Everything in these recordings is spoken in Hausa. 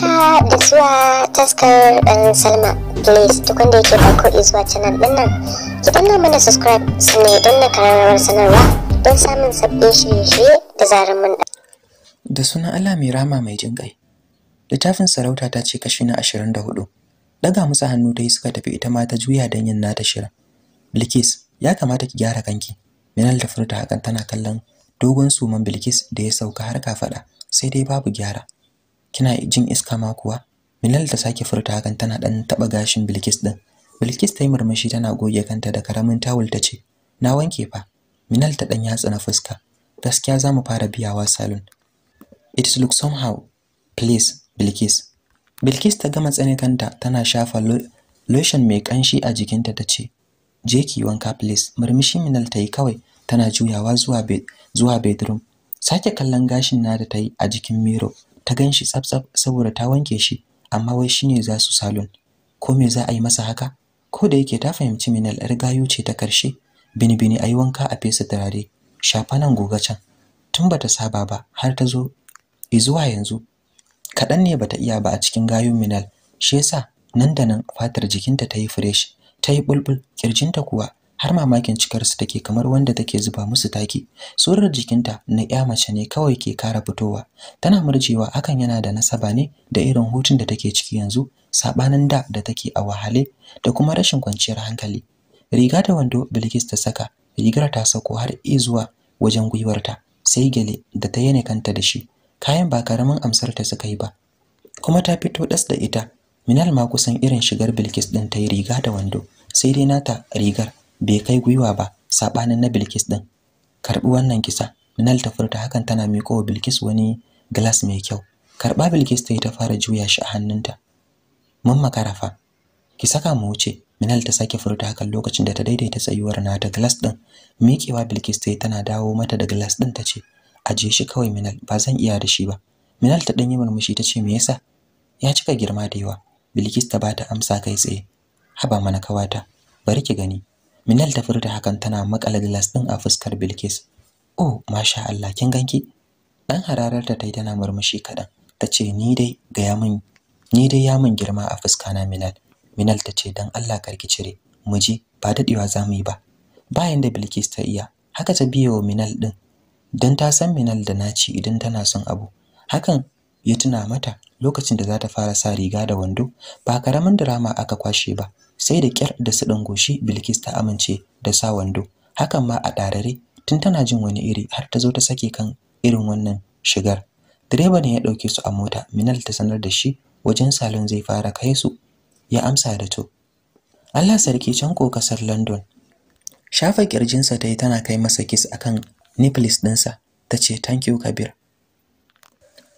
haka da zuwa taskar ɗan salma please duk wanda yake farko izuwa canal ɗin nan ki danna mana subscribe sannan don na kararrawar sanarwa don samun sabbin shirye-shirye da zarar mun da da sunan Allah mai rama mai jin ƙai littafin sarauta ta ce kashi na ashirin da hudu ɗaga musu hannu dai suka tafi ita ma ta juya don yin nata shirin bilkis ya kamata ki gyara kanki minal da furta hakan tana kallon dogon suman bilkis da ya sauka har ka faɗa sai dai babu gyara kina jin iska ma kuwa Milal ta sake furta hakan tana dan taba gashin Bilkis din Bilkis ta yi murmushi tana goge kanta da karamin tawul ta ce na wanke fa Minal ta dan yatsa na fuska gaskiya za mu fara biyawa salon it looks somehow please Bilkis Bilkis ta gama tsane kanta tana shafa lotion mai kanshi a jikinta ta ce je ki wanka please murmushi Minal ta yi kawai tana juyawa zuwa zuwa bedroom sake kallon gashin na ta yi a jikin miro ta gan shi tsaf-tsaf saboda ta wanke shi amma wai shine za su salon ko me za a yi masa haka ko da yake ta fahimci minal yar gayu ce ta karshe bini-bini a yi wanka a fesa turare shafa nan goga can tun bata saba ba har ta zo izuwa yanzu kaɗan ne bata iya ba a cikin gayun minal shi yasa nan da nan fatar jikinta ta yi fresh ta yi bulbul kirjinta kuwa har mamakin cikarsu take kamar wanda take zuba musu taki surar jikinta na ya mace ne kawai ke kara fitowa tana murjewa hakan yana da nasaba ne da irin hutun da take ciki yanzu sabanin da da take a wahale da kuma rashin kwanciyar hankali riga da wando Bilkis ta saka rigar ta sako har zuwa wajen gwiwarta sai gele da ta yane kanta da shi kayan ba karamin amsar ta suka yi ba kuma ta fito das da ita Minal ma kusan irin shigar Bilkis din ta yi riga da wando sai dai nata rigar bai kai gwiwa ba sabanin na Bilkis din karbi wannan kisa Minal ta furta hakan tana miƙo wa Bilkis wani glass mai kyau karba Bilkis ta yi ta fara juya shi a hannunta mun makarafa ki saka mu wuce Minal ta sake furta hakan lokacin da ta daidaita tsayuwar nata glass din miƙewa Bilkis ta yi tana dawo mata da glass din ta ce aje shi kawai Minal ba zan iya da shi ba Minal ta danyi murmushi ta ce me yasa ya cika girma da yawa Bilkis ta bata amsa kai tsaye haba mana kawata bari ki gani Minal ta furta hakan tana makala glass din a fuskar Bilkis. "Oh, masha Allah, kin ganki?" Dan hararar ta tai tana murmushi kadan. Tace ni dai ga ya mun ni dai ya min girma a fuska na Minal. Minal tace dan Allah karki cire. mu je ba dadewa mu yi ba. Bayan da Bilkis ta iya, haka ta biyo Minal din. Dan ta san Minal da naci idan tana son abu. Hakan ya tuna mata lokacin da za ta fara sa riga da wando ba karamin drama aka kwashe ba sai da kyar da su goshi Bilkis ta amince da sa wando hakan ma a ɗarare tun tana jin wani iri har ta zo ta sake kan irin wannan shigar direba ne ya ɗauke su a mota Minal ta sanar da shi wajen salon zai fara kai su ya amsa da to Allah sarki can ko kasar London shafa kirjinsa ta yi tana kai masa kiss akan nipples ɗinsa ta ce thank you Kabir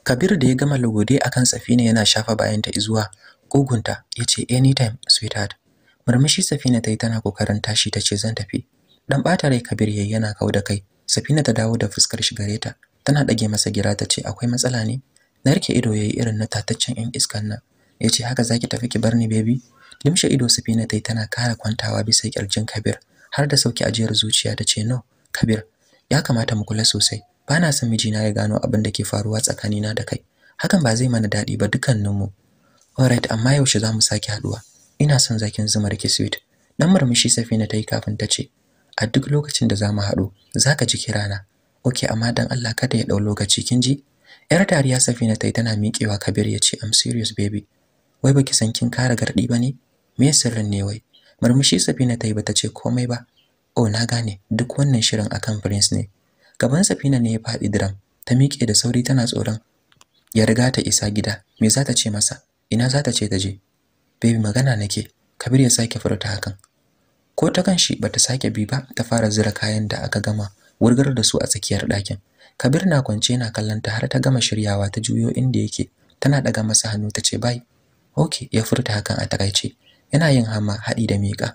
Kabir da ya gama lugode akan safina yana shafa bayanta izuwa kugunta ya ce anytime sweetheart murmushi Safina ta yi tana kokarin tashi ta zan tafi dan bata rai Kabir yayi yana kau da kai Safina ta dawo da fuskar shi gare ta tana dage masa gira tace akwai matsala ne na rike ido yayi irin na tataccen in iskan nan yace haka zaki tafi ki bar ni baby limshe ido Safina ta tana kara kwantawa bisa kirjin Kabir har da sauki ajiyar zuciya tace ce no Kabir ya kamata mu kula sosai bana son mijina ya gano abin da ke faruwa tsakanina da kai hakan ba zai mana daɗi ba dukkaninmu alright amma yaushe za mu sake haɗuwa ina son zakin zumar ki sweet dan murmushi safina ta yi kafin ta ce a duk lokacin da zamu haɗu zaka ji kirana okay amma dan Allah kada ya dau lokaci kin ji yar dariya safina ta yi tana miƙewa kabir ya ce i'm serious baby wai baki san kin kara gardi bane me sirrin ne wai murmushi safina ta yi ta ce komai ba oh na gane duk wannan shirin akan prince ne gaban safina ne ya faɗi diram ta miƙe da sauri tana tsoron ya riga ta isa gida me za ta ce masa ina za ta ce ta je baby magana nake kabir ya sake furta hakan ko ta kanshi bata sake bi ba ta fara zira kayan da aka gama wurgar da su a tsakiyar ɗakin kabir na kwance na kallon ta har ta gama shiryawa ta juyo inda yake tana daga masa hannu ta ce bai okay ya furta hakan a takaice yana yin hamma hadi da miƙa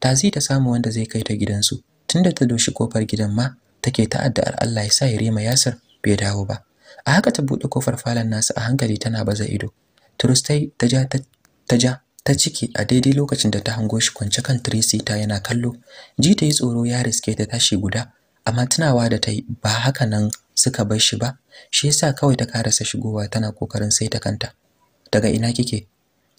tazi ta samu wanda zai kai ta gidansu tunda ta doshi kofar gidan ma take addu'ar Allah ya sa ya rema Yasir bai dawo ba a haka ta bude kofar falon nasu a hankali tana baza ido Turustai ta ja ta ta ja ta ciki a daidai lokacin da ta hango shi kwance kan Tresita yana kallo. Ji ta yi tsoro ya riske ta tashi guda, amma tunawa da ta yi ba haka nan suka bar shi ba, shi yasa kawai ta karasa shigowa tana kokarin sai ta kanta. Daga ina kike?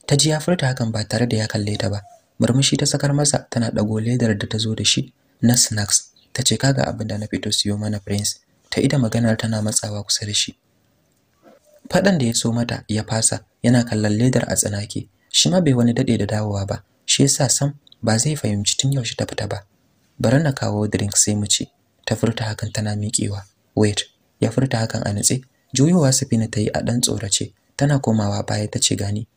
Ta ji ya furta hakan ba tare da ya kalle ta ba. Murmushi ta sakar masa tana dago ledar da ta zo da shi na snacks. Ta ce kaga abin da na fito siyo mana prince. Ta ida maganar tana matsawa kusa da shi. Faɗan da ya so mata ya fasa yana kallon ledar a tsanake. shi ma bai wani dade da dawowa ba shi yasa sam ba zai fahimci tun yaushe ta fita ba bari na kawo drink sai mu ci ta furta hakan tana miƙewa wait ya furta hakan a nutse juyowa safina ta yi a ɗan tsorace tana komawa baya ta ce gani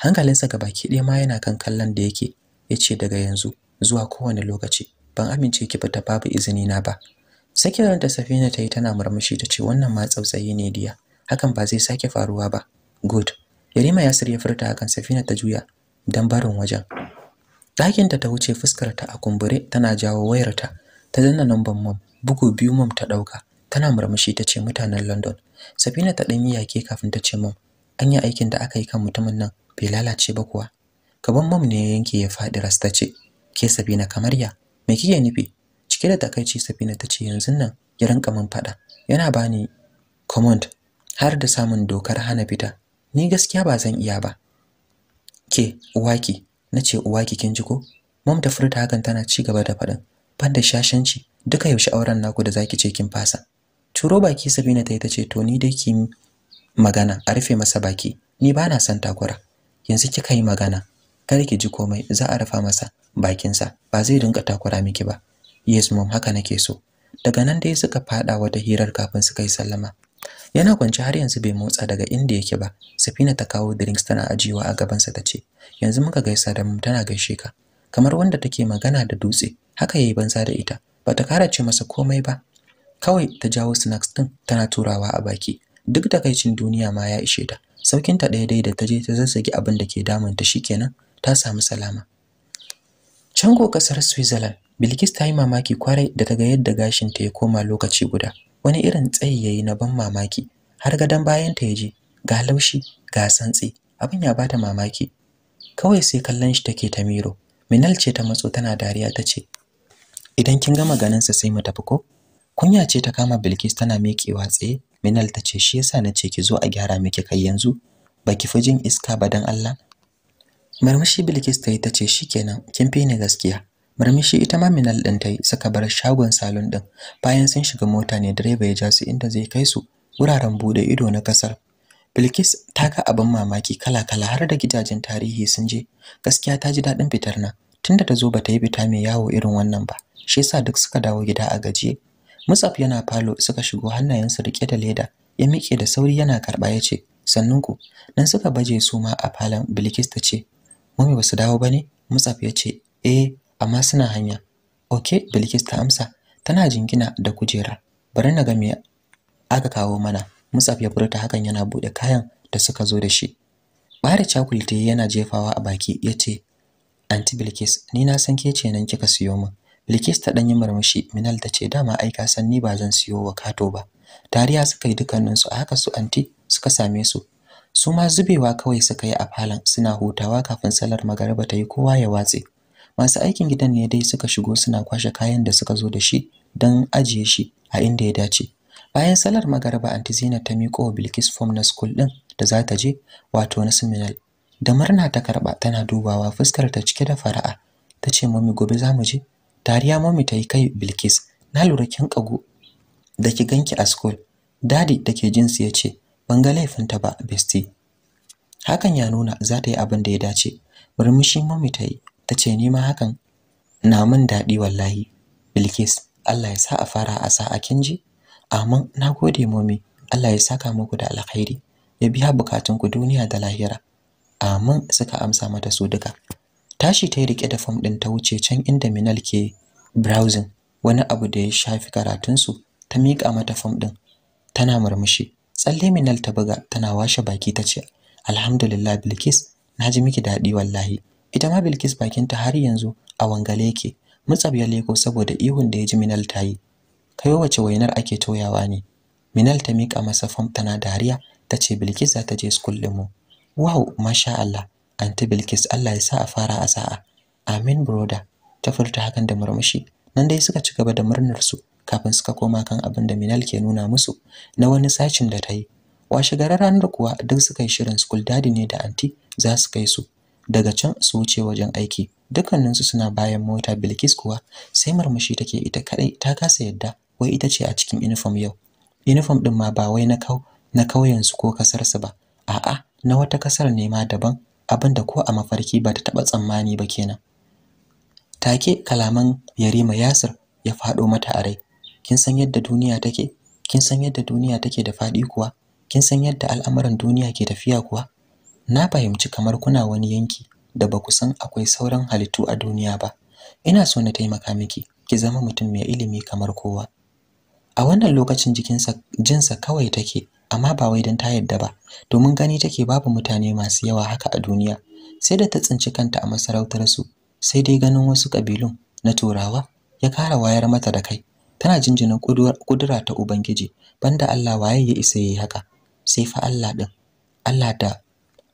hankalinsa ga baki ɗaya ma yana kan kallon da yake ya ce daga yanzu zuwa kowane lokaci ban amince ki fita babu izini na ba sakin da safina ta yi tana murmushi ta ce wannan ma tsautsayi ne diya hakan ba zai sake faruwa ba good Yarima Yasir ya furta hakan Safina ta juya dan barin wajen. Dakinta ta wuce fuskar ta a kumbure tana jawo wayarta ta danna numban mom bugu biyu mom ta ɗauka tana murmushi ta ce mutanen London. Safina ta ɗanyi yake kafin ta ce mom an yi aikin da aka yi kan mutumin nan bai lalace ba kuwa. Gaban mom ne ya yanke ya faɗi rasta ce ke Safina kamar ya me kike nufi cike da takaici Safina ta ce yanzu nan ya rinka min faɗa yana bani command har da samun dokar hana fita ni gaskiya ba zan iya ba ke uwaki nace uwaki kin ji ko mom ta furta hakan tana ci gaba da faɗin banda shashanci duka yaushe auren naku da zaki ce kin fasa turo baki Sabina ta tace to ni dai ki magana a rufe masa baki ni ba na son takura yanzu kika yi magana kar ki ji komai za a rufa masa bakinsa ba zai dinka takura miki ba yes mom haka nake so daga nan dai suka fada wata hirar kafin su kai sallama yana kwance har yanzu bai motsa daga inda yake ba safina ta kawo drinks tana ajiyewa a gabansa ta ce yanzu muka gaisa da mu tana gaishe ka kamar wanda take magana da dutse haka yayi banza da ita bata kara ce masa komai ba kawai ta jawo snacks din tana turawa a baki duk da kaicin duniya ma ya ishe ta saukin ta daidai da ta je ta zazzage abin da ke damun ta shikenan ta samu salama can ko kasar Switzerland Bilkis ta yi mamaki kwarai da ta ga yadda gashin ta ya koma lokaci guda wani irin tsayi yayi na ban mamaki har gadon bayan ta yaje ga laushi ga santsi abin ya bata mamaki kawai sai kallon shi take ta miro minal ce ta matso tana dariya ta ce idan kin gama ganin sa sai mu tafi ko kunya ce ta kama bilkis tana miƙewa tsaye minal tace shi yasa na ce ki zo a gyara miki kai yanzu baki fi jin iska ba dan Allah murmushi bilkis ta tace ta ce shikenan kin fi ni gaskiya murmushi ita ma minal din tai suka bar shagon salon din bayan sun shiga mota ne direba ya ja su inda zai kai su wuraren bude ido na kasar Bilkis ta ga abin mamaki kala-kala har da gidajen tarihi sun je gaskiya ta ji daɗin fitar na, tunda ta zo ba ta yi fita mai yawo irin wannan ba shi yasa duk suka dawo gida a gajiye Musaf yana falo suka shigo hannayen su rike da leda ya miƙe da sauri yana karɓa ya ce sannunku nan suka baje su ma a falon Bilkis ta ce "Mu ba su dawo ba ne Musaf ya ce eh amma suna hanya Ok, bilkis ta amsa tana jingina da kujera bari na ga me aka kawo mana musaf ya furta hakan yana bude kayan da suka zo da shi bare chakulte yana jefawa a baki yace anti bilkis ni na san ke ce nan kika siyo min bilkis ta danyi murmushi minal ta ce dama ai ka san ni ba zan siyo wa kato ba tariya suka yi dukanninsu a haka su anti suka same su su ma zubewa kawai suka yi a falon suna hutawa kafin salar magariba ta yi kowa ya watse masu aikin gidan ne dai suka shigo suna kwashe kayan da suka zo da shi don ajiye shi a inda ya dace bayan salar magaraba anti zina ta miƙo Bilkis form na school din da za ta je wato na seminal da murna ta karba tana dubawa fuskar ta cike da fara'a ta ce mami gobe za mu je dariya mami ta yi kai Bilkis na lura kin kago da ki ganki a school dadi da ke jinsi ya ce ban ga laifinta ba bestie hakan ya nuna za ta yi abin da ya dace murmushi mami ta yi ta ce ni ma hakan na min daɗi wallahi bilkis allah ya sa a fara a sa'a kin ji amma na gode momi allah ya saka muku da alkhairi ya biya bukatun ku duniya da lahira amma suka amsa mata su duka tashi ta yi rike da fom ɗin ta wuce can inda minal ke browsing wani abu da ya shafi karatun su ta miƙa mata fom ɗin tana murmushi tsalle minal ta buga tana washe baki ta ce alhamdulillah bilkis na ji miki daɗi wallahi ita ma Bilkis bakinta har yanzu a wangale yake mutsabiyar ya leko saboda ihun da ya ji Minal ta yi kai wace wainar ake toyawa ne Minal ta mika masa fam tana dariya ta ce Bilkis za ta je school din mu wow masha Allah anti Bilkis Allah ya sa a fara a sa'a amin broda ta furta hakan da murmushi nan dai suka ci gaba da murnar su kafin suka koma kan abin da Minal ke nuna musu na wani sacin da ta yi washe gararan ranar kuwa duk suka yi shirin school dadi ne da anti za su kai su daga can su wuce wajen aiki dukkaninsu suna bayan mota bilkis kuwa sai murmushi take ita kadai ta kasa yadda wai ita ce a cikin uniform yau uniform din ma ba wai na kau na kauyensu ko kasarsu ba a'a na wata kasar ne ma daban abinda ko a mafarki ba ta taba tsammani ba kenan take kalaman yarima yasir ya fado mata a rai kin san yadda duniya take kin san yadda duniya take da fadi kuwa kin san yadda al'amuran duniya ke tafiya kuwa na fahimci kamar kuna wani yanki da ba ku san akwai sauran halittu a duniya ba ina so na taimaka miki ki zama mutum mai ilimi kamar kowa a wannan lokacin jikinsa jinsa kawai take amma ba wai don ta yadda ba domin gani take babu mutane masu yawa haka a duniya sai da ta tsinci kanta a masarautar su sai dai ganin wasu ƙabilun, na turawa ya kara wayar mata da kai tana jinjinin kudura ta ubangiji banda Allah waye ya isa ya yi haka sai fa Allah din Allah da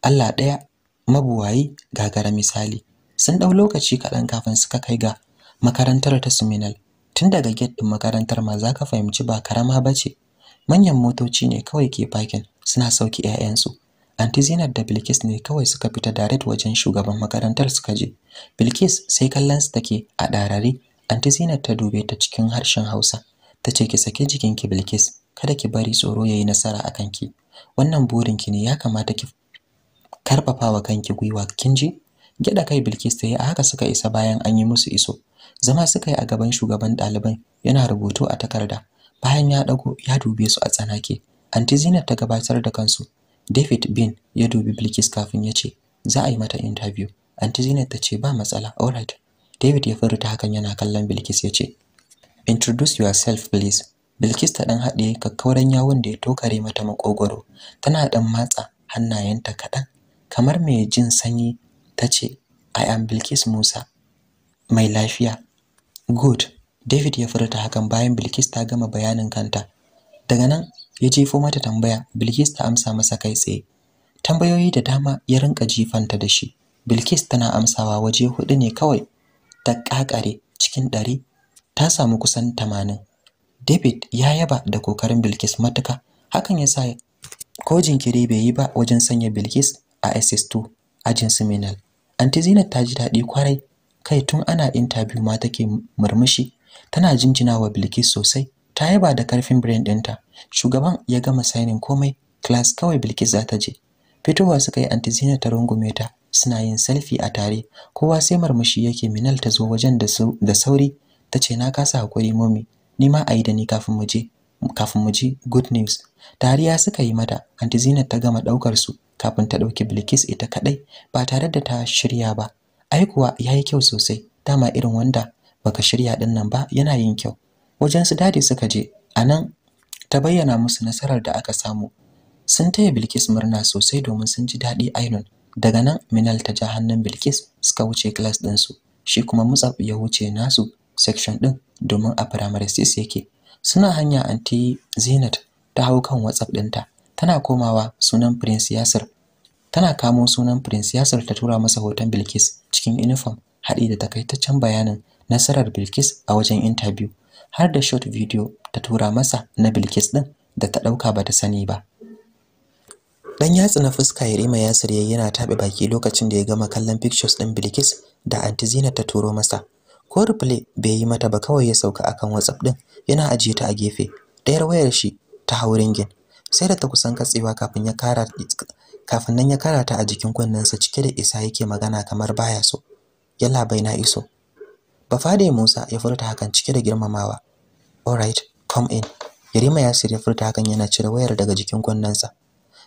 Allah ɗaya mabuwayi gagara misali sun ɗau lokaci kaɗan kafin suka kai ga makarantar ta Suminal tun daga gate ɗin makarantar ma za ka fahimci ba karama ba ce manyan motoci ne kawai ke parking suna sauki 'ya'yansu anti da Bilkis ne kawai suka fita direct wajen shugaban makarantar suka je. Bilkis sai kallon su take a ɗarare. anti ta dube ta cikin harshen Hausa. Ta ce ki sake jikinki Bilkis, kada ki bari tsoro ya yi nasara a kanki. Wannan burinki ne ya kamata ki karfafawa kanki gwiwa kin ji Gyaɗa kai Bilkis ta yi a haka suka isa bayan an yi musu iso zama suka yi a gaban shugaban ɗaliban yana rubutu a takarda bayan ya dago ya dube su a tsanake anti Zinat ta gabatar da kansu David Bin ya dubi Bilkis kafin ya ce za a yi mata interview anti Zinat ta ce ba matsala alright David ya furta hakan yana kallon Bilkis ya ce introduce yourself please Bilkis ta dan haɗe kakkauran yawon da ya tokare mata makogoro tana dan matsa hannayenta kaɗan kamar mai jin sanyi ta ce I am Bilkis Musa mai lafiya good David ya furta hakan bayan Bilkis ta gama bayanin kanta daga nan ya jefo mata tambaya Bilkis ta amsa masa kai tsaye tambayoyi da dama ya rinka jifanta da shi Bilkis tana amsawa waje hudu ne kawai ta kakare cikin ɗari ta samu kusan tamanin David ya yaba da kokarin Bilkis matuka hakan ya sa ko jinkiri bai yi ba wajen sanya Bilkis a SS2 ajin su Minal. Anti Zainab ta ji daɗi kwarai kai tun ana interview ma take murmushi tana jinjina wa Bilkis sosai ta yaba da karfin brain ɗinta. Shugaban ya gama signing komai class kawai Bilkis za ta je. Fitowa suka yi Anti Zainab ta rungume ta suna yin selfie a tare kowa sai murmushi yake Minal ta zo wajen da sauri ta ce na kasa hakuri mami ni ma a yi da ni kafin mu je kafin mu ji good news tariya suka yi mata anti ta gama ɗaukar su kafin ta ɗauki Bilkis ita kaɗai ba tare da ta shirya ba. aikuwa kuwa ya yi kyau sosai, dama irin wanda baka shirya ɗin nan ba yana yin kyau. Wajen su dadi suka je, a nan ta bayyana musu nasarar da aka samu. Sun taya Bilkis murna sosai domin sun ji daɗi ainun. Daga nan Minal ta ja hannun Bilkis suka wuce class ɗinsu, shi kuma Musab ya wuce nasu section ɗin domin a primary sis yake. Suna hanya anti Zinat ta hau kan WhatsApp ɗinta. tana komawa sunan Prince Yasir tana kamo sunan Prince Yasir ta tura masa hoton Bilkis cikin uniform haɗi da takaitaccen bayanin nasarar Bilkis a wajen interview har da short video ta tura masa na Bilkis ɗin da ta dauka ta sani ba Dan yatsa na fuska ya Yarima Yasir ya yana tabe baki lokacin da ya gama kallon pictures ɗin Bilkis da Aunty Zina ta turo masa. Ko replay bai yi mata ba kawai ya sauka akan WhatsApp ɗin yana ajiye ta a gefe. Dayar wayar shi ta hau ringin. sai da ta kusan katsewa kafin ya kara kafin nan ya karata a jikin kunnensa cike da isa yake magana kamar baya so yalla bai na iso bafade Musa ya furta hakan cike da girmamawa alright come in Yarima Yasir ya furta hakan yana cire wayar daga jikin kunnensa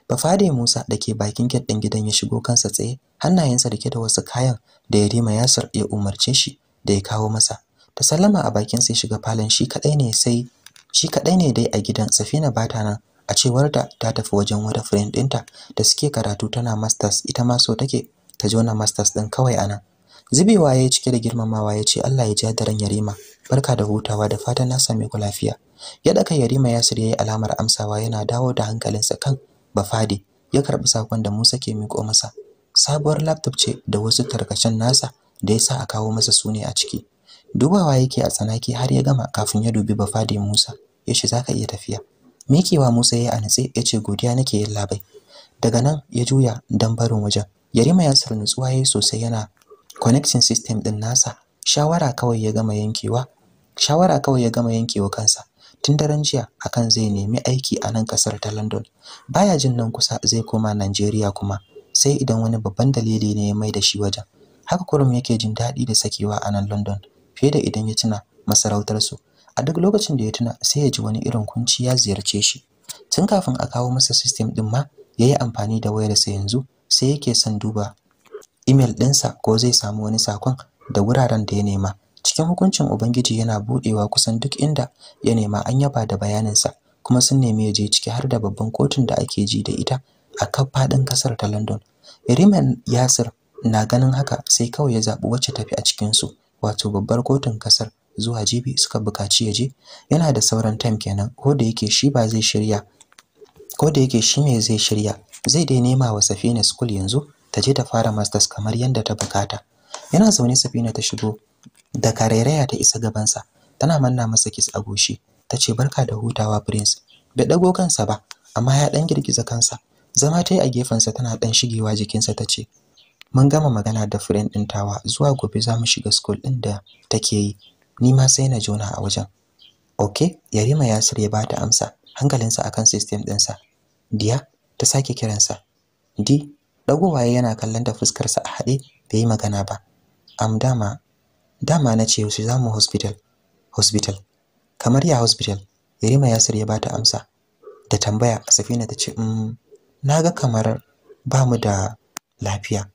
Bafade Musa da ke bakin gate din gidan ya shigo kansa tsaye hannayensa rike da wasu kayan da Yarima Yasir ya umarce shi da ya kawo masa ta sallama a bakin ya shiga falon shi kadai ne sai shi kadai ne dai a gidan Safina bata nan a cewarta ta tafi wajen wata friend ɗinta da suke karatu tana masters ita ma so take ta jona masters ɗin kawai nan. zubewa ya yi cike da girmamawa ya ce Allah ya ja daren yarima barka da hutawa da fatan na same ku lafiya ya daka yarima yasir ya yi alamar amsawa yana dawo da hankalinsa kan Bafadi, ya karbi sakon da Musa ke miko masa sabuwar laptop ce da wasu tarkacen nasa da ya sa a kawo masa su ne a ciki dubawa yake a tsanaki har ya gama kafin ya dubi Bafadi Musa ya zaka iya tafiya mikewa Musa ya anatse ya ce godiya nake yin labai daga nan ya juya dan barin wajen Yarima ya sar nutsuwa yayi sosai yana connection system din nasa shawara kawai ya gama yankewa shawara kawai ya gama yankewa kansa tun daren jiya akan zai nemi aiki a nan kasar ta London baya jin nan kusa zai koma Najeriya kuma sai idan wani babban dalili ne ya mai da shi wajen haka kurum yake jin dadi da sakewa a nan London fiye da idan ya tuna masarautar su a duk lokacin da ya tuna sai ya ji wani irin kunci ya ziyarce shi tun kafin a kawo masa system din ma ya yi amfani da wayarsa yanzu sai yake son duba email ɗinsa ko zai samu wani sakon da wuraren da ya nema cikin hukuncin ubangiji yana budewa kusan duk inda ya nema an yaba da sa, kuma sun nemi ya je ciki har da babban kotun da ake ji da ita a kan faɗin kasar ta london riman yasir na ganin haka sai kawai ya zaɓi wacce tafi a cikinsu wato babbar kotun kasar zuwa jibi suka bukaci ya je yana da sauran time kenan ko da yake shi ba zai shirya ko yake shi ne zai shirya zai dai nema wa Safina school yanzu ta je ta fara masters kamar yadda ta bukata yana zaune Safina ta shigo da karairaya ta isa gabansa tana manna masa kiss a goshi tace barka da hutawa prince bai dago kansa ba amma ya dan girgiza kansa zama ta a a sa tana dan shigewa jikinsa tace mun gama magana da friend din tawa zuwa gobe za mu shiga school din da take yi ni ma sai na jona a wajen okay yarima ya yasir ya bata amsa hankalinsa akan system ɗinsa diya ta sake kiransa di dagowaye yana kallon da fuskar sa a haɗe bai yi magana ba am dama dama na ce su zamu hospital hospital kamar ya hospital yarima ya yasir ya bata amsa da tambaya safina ta ce mm, na ga kamar ba mu da lafiya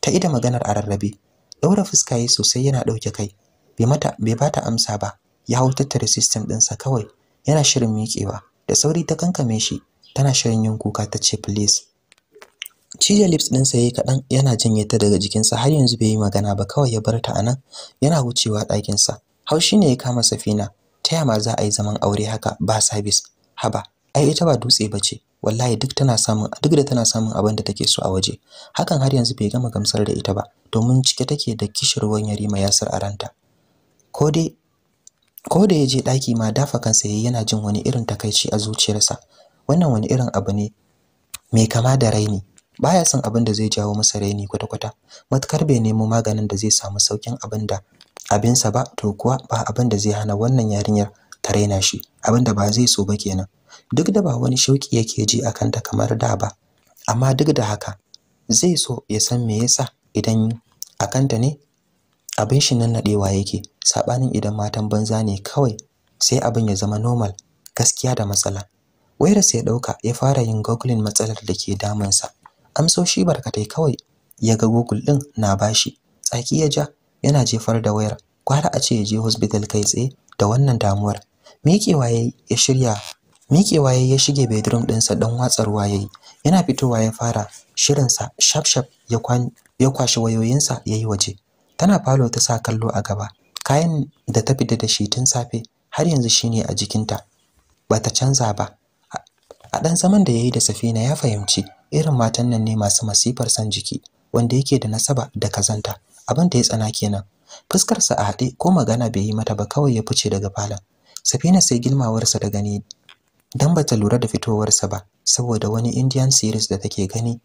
ta ida maganar a rarrabe daura fuska yi sosai yana ɗauke kai bai ba ta bata amsa ba ya hau tattara system ɗinsa kawai yana shirin miƙewa da sauri ta kankame shi tana shirin yin kuka ta ce please cije lips ɗinsa yayi kaɗan yana janye ta daga jikinsa har yanzu bai yi magana ba kawai ya bar ta a nan yana wucewa ɗakinsa haushi ne ya kama safina ta yama za a yi zaman aure haka ba service haba ai ita ba dutse ba ce wallahi duk tana samun duk da tana samun abin da take so a waje hakan har yanzu bai gama gamsar da ita ba domin cike take da kishirwan yarima yasir a ranta ko da ya je yaje daki ma dafa kansa yayi yana jin wani irin takaici a zuciyarsa wannan wani irin abu ne mai kama da raini baya son abin da zai jawo masa raini kwata-kwata matukar bai nemo maganin da zai samu saukin abin da abinsa ba to kuwa ba abin da zai hana wannan yarinyar ta raina shi abin da ba zai so ba kenan duk da ba wani shauki yake ji a kanta kamar da ba amma duk da haka zai so ya san me yasa idan a kanta ne abin shi nan nadewa yake sabanin idan matan banza ne kawai sai abin ya zama normal gaskiya da matsala wayar sai dauka ya fara yin googling matsalar da ke damun sa amsoshi barkatai kawai ya ga google din na bashi tsaki ya ja yana jefar da wayar kwara a ce ya je hospital kai tsaye da wannan damuwar mikewa yayi ya shirya mikewa yayi ya shige bedroom ɗinsa don watsarwa yayi yana fitowa ya fara shirinsa shafshaf ya kwan ya kwashi wayoyinsa yayi waje tana falo ta sa kallo a gaba kayan da ta fita da shi tun safe har yanzu shine a jikinta Ba ta canza ba a dan zaman da yayi da Safina ya fahimci irin matan nan ne masu masifar san jiki wanda yake da nasaba da kazanta abin da ya tsana kenan fuskar sa a haɗe ko magana bai yi mata ba kawai ya fice daga falon Safina sai gilmawar sa da gani dan bata lura da fitowar sa ba saboda wani Indian series da take gani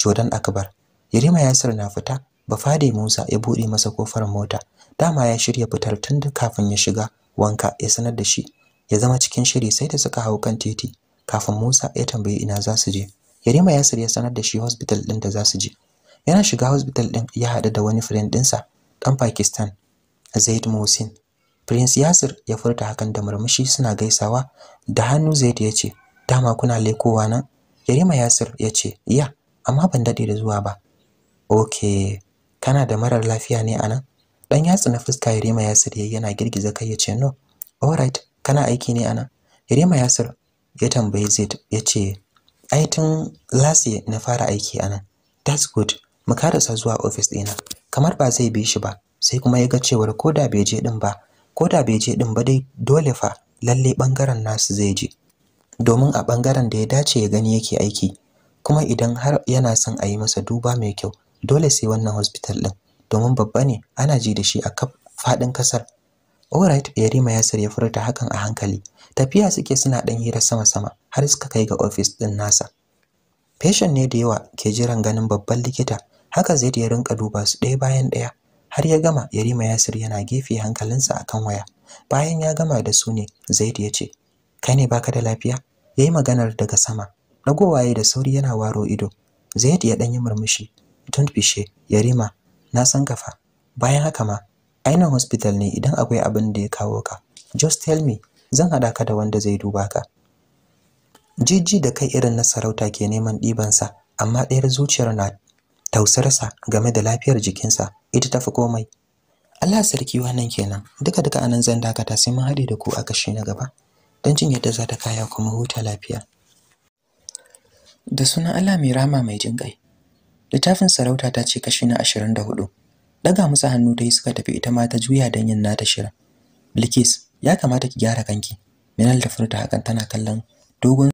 Jordan Akbar Yarima Yasir na fita Bafade Musa ya buɗe masa kofar mota. Dama ya shirya fitar tun da kafin ya shiga wanka ya sanar da shi. Ya zama cikin shiri sai da suka hau kan titi. Kafin Musa ya tambayi ina za su je. Yarima Yasir ya sanar da shi hospital ɗin da za su je. Yana shiga hospital ɗin ya haɗu da wani friend ɗinsa ɗan Pakistan, Zaid Musin. Prince Yasir ya furta hakan da murmushi suna gaisawa da hannu Zaid ya ce, "Dama kuna lekowa nan?" Yarima Yasir ya ce, "Ya, amma ban daɗe da zuwa ba." "Okay, kana da marar lafiya ne anan dan yatsu na fuska Yarima Yasir yayi yana girgiza kai yace no all right kana aiki ne anan Yarima Yasir ya tambaye Zaid yace ai tun last na fara aiki anan that's good mu sa zuwa office dina kamar ba zai bi shi ba sai kuma ya ga cewar koda bai je din ba koda bai je din ba dai dole fa lalle bangaren nasu zai je domin a bangaren da ya dace ya gani yake aiki kuma idan har yana son a yi masa duba mai kyau dole sai wannan hospital din domin babba ne ana ji da shi a kaf fadin kasar alright yarima yasir ya furta hakan a hankali tafiya suke suna dan hira sama sama har suka kai ga office din nasa patient ne da yawa ke jiran ganin babban likita haka zai ya rinka duba su ɗaya bayan ɗaya har ya gama yarima yasir yana gefe hankalinsa akan waya bayan ya gama da su ne zaid ya ce kai ne baka da lafiya yayi maganar daga sama dagowaye da sauri yana waro ido zaid ya ɗan yi murmushi don't fishe yarima na san kafa. bayan haka ma aina hospital ne idan akwai abin da ya kawo ka just tell me zan hada ka da wanda zai duba ka Jiji da kai irin na sarauta ke neman ɗibansa amma ɗayar zuciyar na tausarsa game da lafiyar jikinsa ita tafi komai Allah sarki wannan kenan duka duka anan zan dakata sai mun haɗe da ku a kashi na gaba don jin yadda za ta kaya kuma huta lafiya da sunan Allah mai rama mai jin kai littafin sarauta ta ce kashi na ashirin da hudu daga musu hannu ta yi suka tafi ita ma ta juya don yin nata shirin bilkis ya kamata ki gyara kanki minal da furta hakan tana kallon dogon